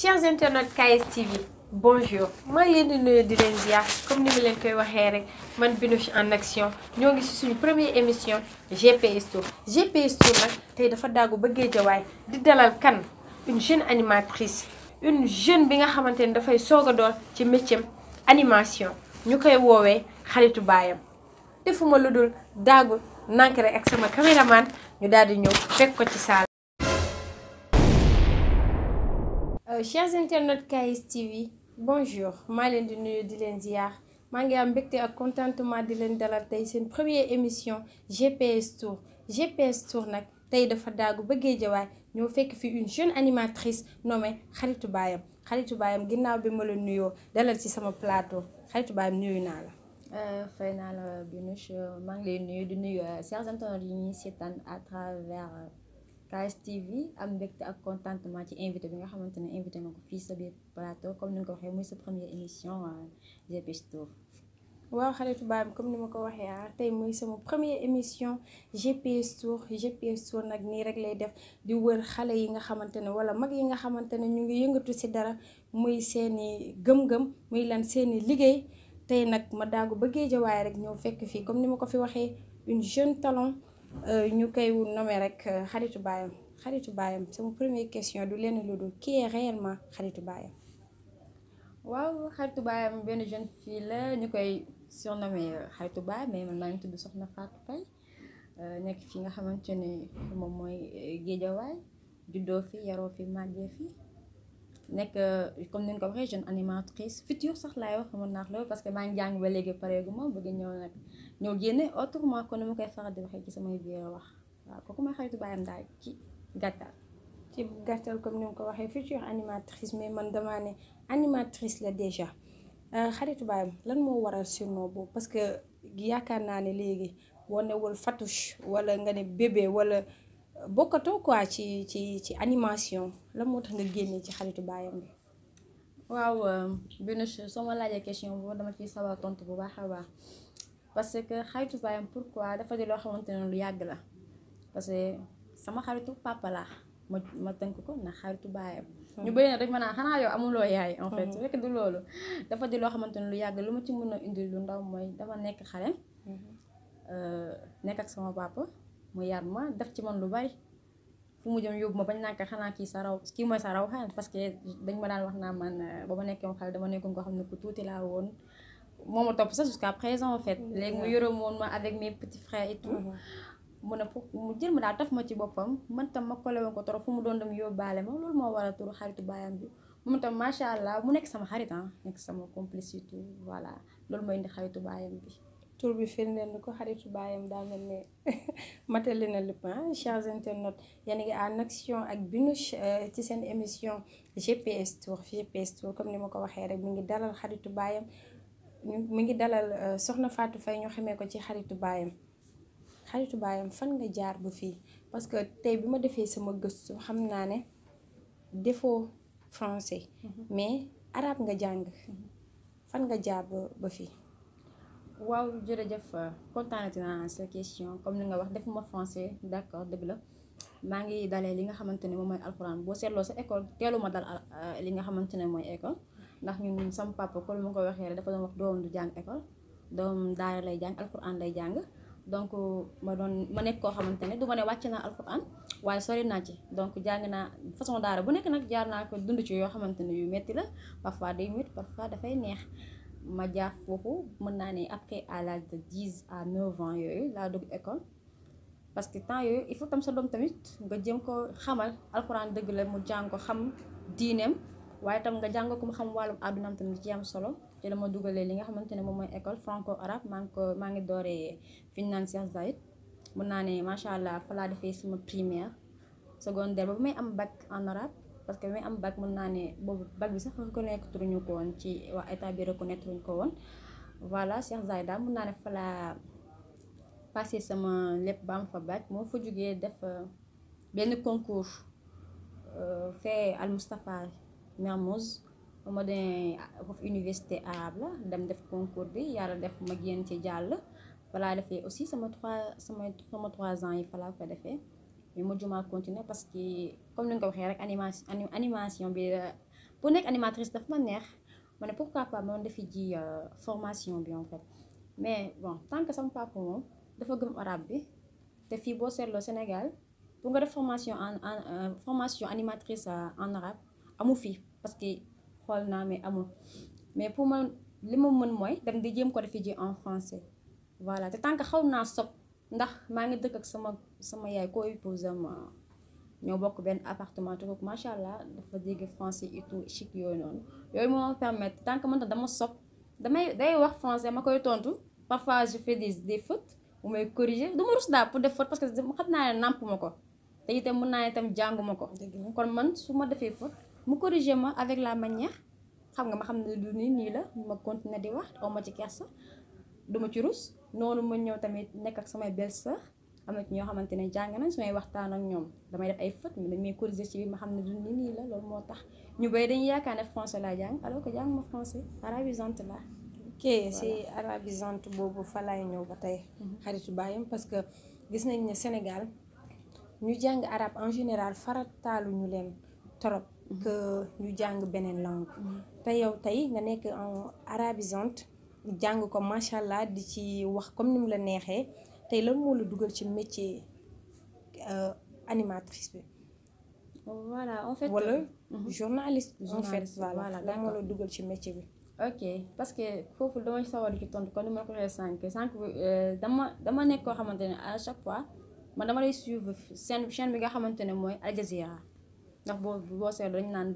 chance chers internautes KSTV bonjour maa ngi leen di nuyu leen ziar comme ni ma leen koy waxee rek man Binouche en action ñoo ngi si suñu premier émission GPS Tour GPS Tour nag tey dafa daagu ba Géejawaay di dalal kan une jeune animatrice une jeune bi nga xamante ni dafay soog a doon ci métier animation ñu koy woowee xaritu baayam defuma lu dul daagu nank rek ak sama caméraman ñu daal di ñëw fekk ko ci saal Euh, chers internautes KS TV bonjour maa leen di nuyu di leen ziar maa ngi am mbégte ak contentement di leen dalal tey seen première émission GPS Tour GPS Tour nag tey dafa daagu ba Géejawaay ñoo fekk fi une jeune animatrice nommée Xaritu baayam Xaritu baayam ginnaaw bi ma la nuyoo dalal ci sama plateau Xaritu Bayam nuyu naa la. Euh, fay naa la Binuche maa ngi leen nuyu di nuyu euh, chers internautes yi ñuy seetaan à KSTV am mbégte ak contentement ci invité bi nga xamante ne invité nga ko fii sa biir plateau comme ni nga waxee muy sa première émission euh, GP Stove. waaw comme ni ma ko waxee ah, tey muy sama première émission GP Stove GP Stove nag nii rek lay def di wër xale yi nga xamante ne wala mag yi nga xamante ne ñu ngi yëngatu si dara muy seeni gëm-gëm muy lan seeni liggéey tey nag ma daagu bëggee géejawaay rek ñëw fekk fii comme ni ma ko fi waxee une jeune talent. Euh, ñu koy nommé rek xaritu euh, baayam xaritu baayam sama premier question du lenn lu dul kii est xaritu baayam. waaw xaritu baayam benn jeune fille la ñu koy surnommé xaritu euh, baayam mais man maa ngi tudd Soxna Fatou Faye nekk fii nga xamante ne moom mooy géejawaay juddoo fi yaroo fi màggee fi nekk comme ni nga ko waxee jeune animatrice future sax laay wax mën naa wax loolu parce que maa ngi jàng ba léegi pareegu ma bëgg ñëw nag ñoo génne autrement ko ni ma koy faral di waxee ci samay biir wax waaw kooku may xaritu baayam daal ci gàttal. ci gàttal ko ni nga ko waxee future animatrice mais man damaa ne animatrice la déjà euh, xaritu baayam lan moo waral surnom boobu parce que yaakaar naa ne léegi boo newul Fatouche walla nga ne bébé wala bokkatoo quoi ci ci ci animation lan moo tax nga génnee ci xaritu baayam bi. waaw euh, Binetou soo ma laajee question boobu dama ciy sawar tontu bu baax a baax. parce que xaritu baayam quoi dafa di loo xamante ne lu yàgg la parce que sama xaritu papa laa ma ma tënk ko ndax xaritu baayam. Hmm. ñu bëri na rek ma amuloo yaay. en fait hmm. dafa di loo xamante ne lu yàgg lu ma ci mën a indil lu ndaw mooy dama nekk xale. Hmm. Euh, nekk ak sama papa mu yar ma def ci man lu bari fu mu jëm yóbbu ma bañ naa ko xanaa kii sa raw kii mooy sa raw xel parce que dañ ma daan wax naa man euh, ba ma nekkoon xale dama nekkoon koo xam ne ku tuuti laa woon. moom ma topp sax jusqu'à présent en fait léegi mu yore woon ma avec mes petits frères it tout mm-hmm. mu ne mu jël ma daal taf ma ci boppam man tam ma collé ko trop fu mu doon dem yóbbaale ma loolu moo war a turu xaritu baayam bi moom tam macha allah mu nekk sama xarit ah. sama complice voilà loolu mooy indi xaritu baayam bi tur bi firndeel ko xaritu baayam daa mel ne matali na lépp ah. chers internautes yéen a ngi en action ak Binuch euh, ci seen émission GPS Tour GPS Tour comme ni ma ko waxee rek mu ngi dalal xaritu baayam mu ngi dalal euh, soxna Fatou fay ñoo xamee ko ci xaritu baayam xaritu baayam fan nga jaar ba fii parce que tey bi ma defee sama gëstu xam naa ne défaut français mm-hmm. mais arabe nga jàng mm-hmm. fan nga jaar ba ba fii waaw jërëjëf kontaanati naa sa comme ni nga wax defuma français d'accord dëgg la maa ngi dalee li nga xamante ne mooy alxuraan boo seetloo sa école teelu ma dal euh, li nga xamante ne mooy école ndax ñun sama ko comme ma ko waxee rek dafa wax doom du jàng école doom daara lay jàng alquran lay jàng donc ma doon ma nekk koo xamante ne du ma ne wàcc naa alquran waaye sori naa ci donc jàng naa façon daara bu nekk jaar naa ko dund ci yoo xamante ne yu metti la parfois day métti parfois dafay neex ma jaar foofu mën naa ne après à l'âge de dix à neuf ans yooyu laa dugg école parce que temps yooyu il faut tam sa doom tamit nga jëm ko xamal alquran dëgg la mu jàng ko xam diineem waaye tam nga jàng ko mu xam wàllum àddunaam tam ci am solo ci la ma dugalee li nga xamante ne moom mooy école franco arabe maa ngi ko maa ngi dooree fi ñu naan Cheikh mun naa ne macha allah fa laa defee sama primaire secondaire ba bu may am bag en arabe parce que bi may am bag mun naa ne boobu bac bi sax reconnaître ñu ko woon ci waa état bi reconnaître ñu ko woon voilà Cheikh Zayed daal mun naa ne falaa laa passé sama lépp ba am fa bac moo fa jógee def euh, benn concours euh, fee Al Mermoz ma demee ah, foofu université arabe la dem def concours bi yàlla def ma génn ci jàll falaa defee aussi sama trois sama sama trois ans yi falaa ko defee mais ma jumaa continuer parce que comme ni nga ko waxee rek animation animation bi pour nekk animatrice daf ma neex ma ne pourquoi pas ma doon defi ji euh, formation bi en fait mais bon tant que sama papa moom dafa gëm arabe bi te fii boo seetloo Sénégal pour nga def formation en en euh, formation animatrice euh, en arabe amu fii parce que xool naa mais amul mais pour man li ma mën mooy dem di jëm ko defi ji en français voilà te tant que xaw naa sob ndax maa ngi dëkk ak sama sama yaay ko épousam ah, ñoo bokk benn appartement te kooku macha allah dafa dégg français et tout chic yooy noonu yooyu moo permettre tant que man tam dama sob damay day wax français ma koy tontu parfois je fais des des fautes bu may corriger du ma rus daal pour def faute parce que xam naa ne nàmp ma ko te itam mën naa itam jàngu ma ko kon man su ma defee faute mu corrigé ma avec la manière xam nga ma xam ne du nii nii la ma continué di wax aw ma ci kersa du ma ci rus noonu ma ñëw tamit nekk ak samay belle-sœur am na ci ñoo xamante ne jàng nañ su may waxtaan ak ñoom damay ay fautes mais damay corriger ci bi ma xam ne du nii nii la loolu moo tax ñu bay dañuy yaakaar ne français laa jàng aloo ko jàng ma français arabisante la ok si arabisante boobu fa laay ñëw ba tey mhm. xaritu baayam parce que gis nañ ne Sénégal ñu jàng arabe en général farataalu ñu leen trop que ñu jàng beneen langue mm-hmm. te yow tey nga nekk en arabisante jàng ko macha allah di ci wax comme ni mu la neexee tey lan moo la dugal ci métier euh, animatrice bi voilà en fait wala mm-hmm. journaliste en fait dugal ci métier bi ok parce foofu damay sawar ci tontu kon ni ma ko waxee sànq sànq euh, dama dama nekk koo xamante ne à chaque fois man dama lay suivre seen bi nga xamante ne mooy Al ndax boo boo seetlu dañu naan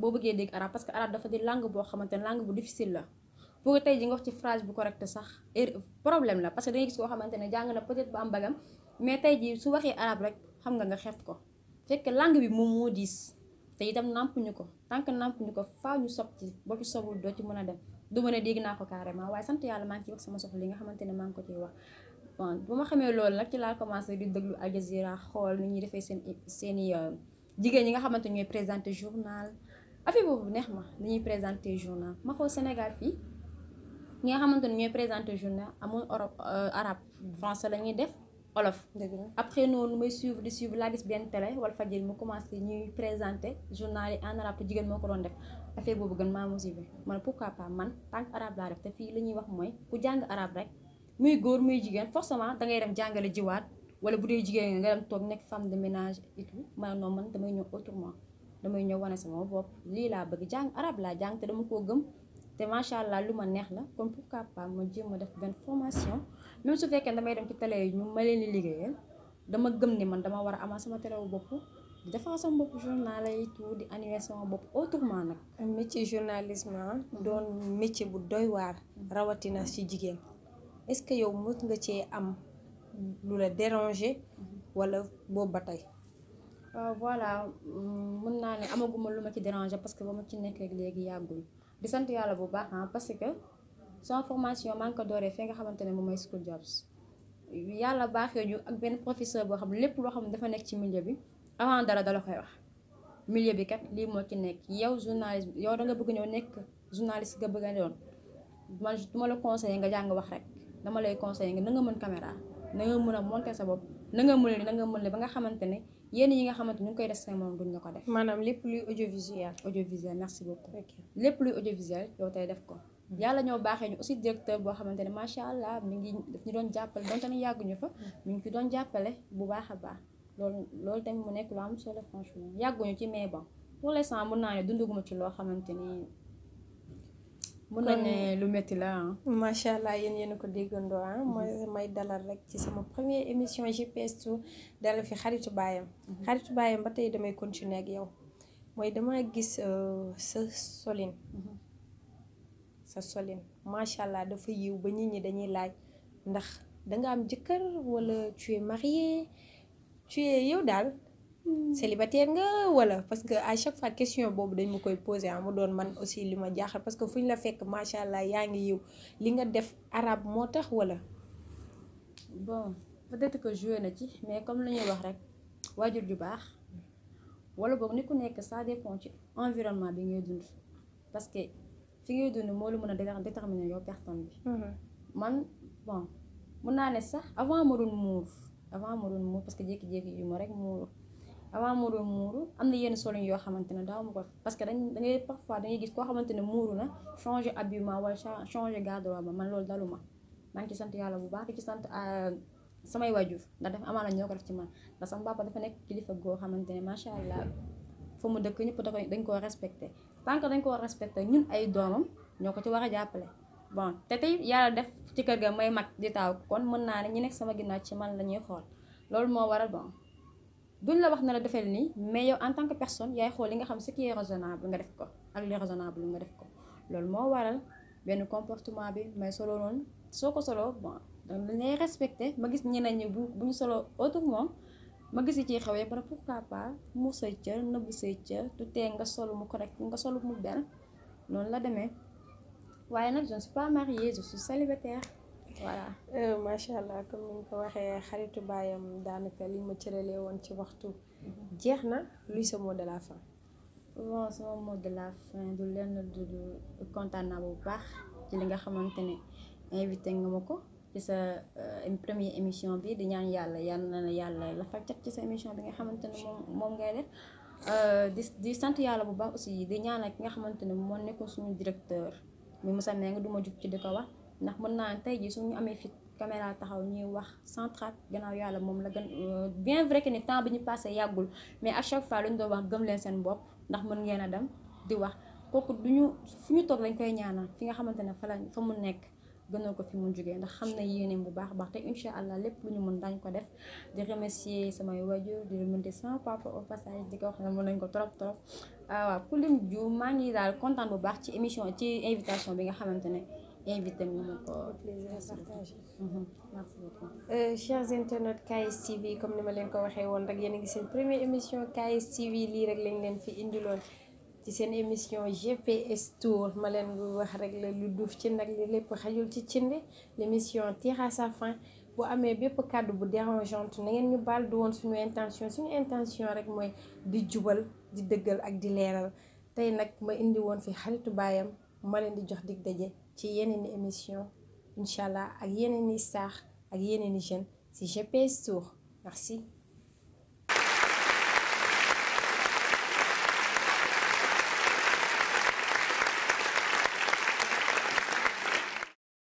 boo bëggee dégg arab parce que arab dafa di langue boo xamante ne langue bu difficile la pour tey ji nga wax ci phrase bu correcte sax er, problème la parce que dañuy gis koo xamante ne jàng na peut-être bu am bagam mais tey ji su waxee arab rek xam nga nga xeeb ko fekk langue bi mu moo diis te itam nàmpuñu ko tant que nàmpuñu ko faaw ñu sob ci boo ci sobul doo ci mën a dem du ma ne dégg naa ko carrément waaye sant yàlla maa ngi ciy wax sama soxla li nga xamante ne maa ngi ko ciy wax bon xamee loolu nag ci laa commencé di déglu xool ni ñuy defee seen seeni euh, jigéen ñi nga xamante ñooy présenter journal affaire boobu neex ma dañuy présenter journal ma xool Sénégal fii ñi nga xamante ne ñooy présenter journal amul Europe arabe français la ñuy def olof. après noonu may suivre di suivre laa gis benn télé wala fajir mu commencé ñuy présenter journal yi en arabe te jigéen moo ko doon def affaire boobu gën maa motivé man pourquoi pas man tant que arabe laa def te fii li ñuy wax mooy ku jàng arabe rek muy góor muy jigéen forcément dangay dem jàngale jiwaat. wala bu dee jigéen nga dem toog nekk femme de ménage et tout maanaam man damay ñëw autrement damay ñëw wane sama bopp lii laa bëgg jàng arab laa jàng te dama koo gëm te macha allah lu ma neex la kon pourquoi pas ma jéem a def benn formation même su fekkee damay dem ci télé yi ñu ma leen di liggéeyal dama gëm ni man dama war a amaa sama télé wu bopp di defar sama bopp journal yi tout di animer sama bopp autrement nag. métier journalisme mm. doon métier bu doy waar rawatina ci jigéen est-ce que yow mës nga cee am. lu la déranger wala boobu ba tey euh, voilà mun mm, naa ne amaguma lu ma ci déranger parce que ba ma ci nekk léegi yàggul di sant yàlla bu baax parce que sama formation maa ngi ko dooree fee nga xamante ne moom mooy school jobs yàlla baaxee ñu ak benn professeur boo xam lépp loo xam ne dafa nekk ci milieu bi avant dara dala koy wax milieu bi kat lii moo ci nekk yow journaliste yow da bëgg ñëw nekk journaliste nga bëgg a doon man du ma la conseillé nga jàng wax rek dama lay conseillé nga na nga mën caméra na nga mën a monter sa bopp na nga mën li na nga li ba nga xamante ne yéen yi nga xamante ñu ngi koy def seen moom duñ la ko def. maanaam lépp luy audiovisuel. audiovisuel merci beaucoup. lépp luy audiovisuel yow tey def ko. yàlla ñoo baaxee ñu aussi directeur boo xamante ne macha allah mi ngi daf ñu doon jàppale donte ne yàgguñu fa. mi ngi ci doon jàppale bu baax a baax loolu loolu tamit mu nekk lu am solo franchement yàgguñu ci mais bon pour l'instant mën naa ne dunduguma ci loo xamante ni mun nañ lu métti la ah. macha allah yéen yéen a ko déggandoo ah. may dalal rek ci sama première émission GPS2 dalal fi xaritu baayam. Mhm. xaritu baayam ba tey damay continuer ak yow mooy dama gis euh, sa solin. Mhm. sa solin macha allah dafa yiw ba nit ñi dañuy laaj ndax da nga am jëkkër wala tu es marié tu yow daal. Hmm. célibataire nga wala parce que à chaque fois question boobu dañ ma koy posé ah doon man aussi li ma jaaxal parce que fu ñu la fekk macha allah yaa ngi yiw li nga def arab moo tax wala. bon peut-être que joué na ci mais comme lu ñuy wax rek waajur ju baax wala boog ni ku nekk ça dépend ci environnement bi ngay dund parce que fi ngay dund moo la mën a déterminer yoo personne bi. Hmm. man bon mun naa ne sax avant ma doon avant ma doon parce que jékki-jékki avant muuru muuru am na yenn solin yoo xamante ne daaw ma ko parce que dañ dangay parfois dangay gis koo xamante ne muuru na changé habillement wala changé garde-robe man loolu dalu ma maa ngi sant yàlla bu baax di sant ah, samay waajur ndax dafa amaana ñoo ko def ci man ndax sama papa dafa nekk kilifa goo xamante ne macha allah fa mu dëkk ñëpp dañ koo respecté tant dañ koo respecté ñun ay doomam ñoo ko ci war a jàppale bon te tey yàlla def ci kër ga may mag di taaw kon mën naa ne ñi nekk sama ginnaaw ci man la ñuy xool loolu moo waral bon duñ la wax na la defee nii mais yow en tant que personne yaay xool li nga xam ce qui est raisonnable nga def ko ak li raisonnable nga def ko loolu moo waral benn comportement bi may solo noonu soo ko solo bon dañuy respecté ma gis ñeneen ñi bu bu ñu solo autrement ma gis yi ciy xewee ba pourquoi pas mu say cër nëbbu say cër tu tee nga solu mu correct nga solu mu benn noonu la demee waaye nag je ne pas mariée je suis célibataire voilà euh, macha allah comme ni nga ko waxee xaritu baayam daanaka li ma cëralee woon ci waxtu jeex na luy sa mot de la fin bon sama mot de la fin du lenn du kontaan naa bu baax ci li nga xamante ne invité nga ma ko ci sa euh, première émission bi di ñaan yàlla yàlla na yàlla la fa ci sa émission bi nga xamante ne moom moom ngay def euh, di di sant yàlla bu baax aussi di ñaan ak ki nga xamante ne moo nekkoon suñu directeur mu Moussa Mbengue duma ma jug ci di ko wax ndax mën naa tey jii ñu amee fit caméra taxaw ñuy wax sans trac gannaaw yàlla moom la gën euh, bien vrai que ni temps bi ñu passé yàggul mais à chaque fois lu ñu doon wax gëm leen seen bopp ndax mën ngeen a dem di wax kooku du ñu fu ñu toog lañ koy ñaanal fi nga xamante ne fa la fa mu nekk gën gënal ko fi mu jógee ndax xam na yéeneem bu baax a baax te incha allah lépp lu ñu mën dañ ko def di remercier samay wajur di remercier sama papa au passage di ko wax ne mën nañ ko trop trop ah, waaw ku lim ju kontaan bu baax ci émission ci invitation bi nga xamante ne invité ñu ma ko. plaisir à chers internautes KS comme ni ma leen ko waxee woon rek yéen a ngi seen première émission KS TV lii rek lañ leen fi indiloon ci seen émission GPS Tour ma leen wax rek la lu duuf ci nag li lépp xajul ci cindi l' émission tire à sa fin. bu amee bépp kàddu bu dérangeante na ngeen ñu baal du woon suñu intention suñu intention rek mooy di jubal di dëggal ak di leeral tey nag ma indi woon fi xaritu baayam ma leen di jox dig daje ci yeneen émission incha allah ak yeneen i star ak yeneen i jeunes si GPS Tour merci